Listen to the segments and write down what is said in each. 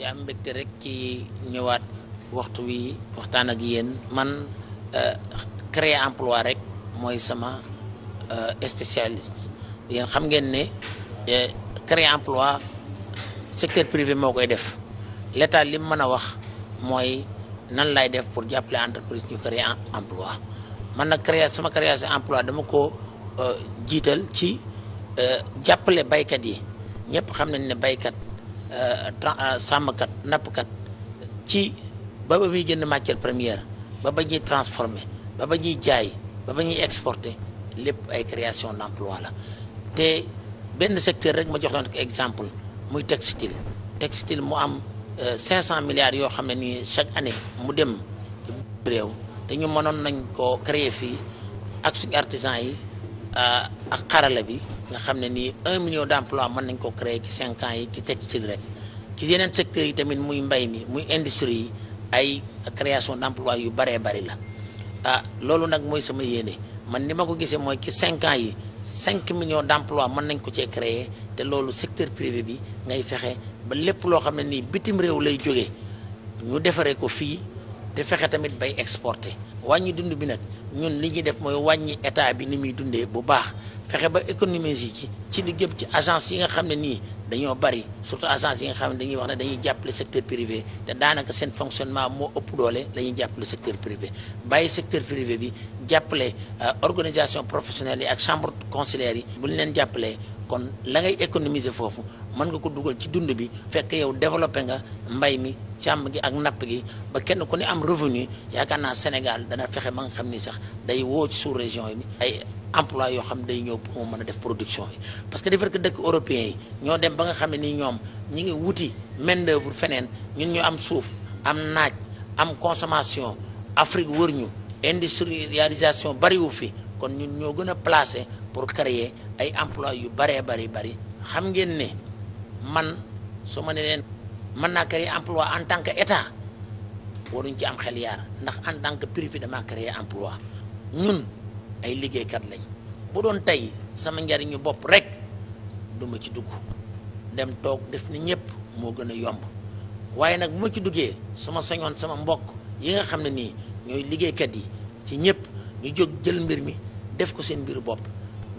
di am rek ci ñëwaat waxtu wi waxtaan ak yéen man euh, créer emploi rek mooy sama euh, spécialiste yéen xam ngeen ne euh, créer emploi secteur privé moo koy def l'état li mu mën a wax mooy nan lay def pour jàppale entreprise ñu créer emploi man nag créer sama création emploi dama ko jiital ci Euh, jàppale baykat yi ñëpp xam nañ ne baykat euh, euh, sàmmkat nappkat ci ba ba muy jënd matière première ba ba ñuy transformé ba ba ji jaay ba ba ñuy exporté lépp ay création d'emploi la te benn secteur rek ma jox leen ko exemple muy textile textile mu am 500 milliards yoo xam ne nii chaque année mu dem réew te ñu mënoon nañ ko créer fii ak suñu artisan yi ak xarala bi nga xam ne nii un million d'emplois mën nañ koo créer ci cinq ans yi ci textile rek ci yeneen secteurs yi tamit muy mbay mi muy industrie yi ay création d'emplois yu baree bari la ah loolu nag mooy sama yéene man ni ma ko gisee mooy ci cinq ans yi cinq million d'emplois mën nañ ko cee créer te loolu secteur privé bi ngay fexe ba lépp loo xam ne nii bitim réew lay jógee ñu defaree ko fii te fexe tamit bay exporter wàññi dund bi nag ñun li ñuy def mooy wàññi état bi ni muy dundee bu baax fexe ba économiser ci ci li jëm ci agence yi nga xam ne nii dañoo bari surtout agence yi nga xam ne dañuy wax ne dañuy jàppale secteur privé te daanaka seen fonctionnement moo ëpp doole la ñuy jàppale secteur privé bàyyi secteur privé bi jàppale euh, organisation professionnelle yi ak chambre consulaire yi bu ñu leen jàppalee kon la ngay économiser foofu mën nga ko dugal ci dund bi fekk yow développé nga mbay mi càmm gi ak napp gi ba kenn ku ne am revenu yaakaar naa Sénégal dana fexe ba nga xam ni sax day woo ci sous région yi ay emploi yoo xam day ñëw pour mu mën a def production yi parce que defar que dëkk européen yi ñoo dem ba nga xam ne ni ñoom ñi ngi wuti main d'œuvre feneen ñun ñu am suuf am naaj am consommation Afrique wër ñu industrialisation bariwu fi kon ñun ñoo gën a placé pour créer ay emploi yu baree bari bari xam ngeen ne man su ma ne mën naa créer emploi en tant que état waruñ ci am xel yaar ndax en tant que privé dama créer emploi ñun ay liggéeykat lañ bu doon tey sama njariñu bopp rek duma ci dugg dem toog def ni ñëpp moo gën a yomb waaye nag bu ma ci duggee su ma sañoon sama mbokk yi nga xam ne nii ñooy liggéeykat yi ci ñëpp ñu jóg jël mbir mi def ko seen mbiru bopp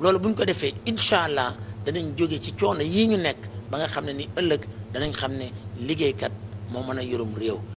loolu bu ñu ko defee incha allah danañ jóge ci coono yii ñu nekk ba nga xam ne ni ëllëg danañ xam ne liggéeykat moo mën a yorum réew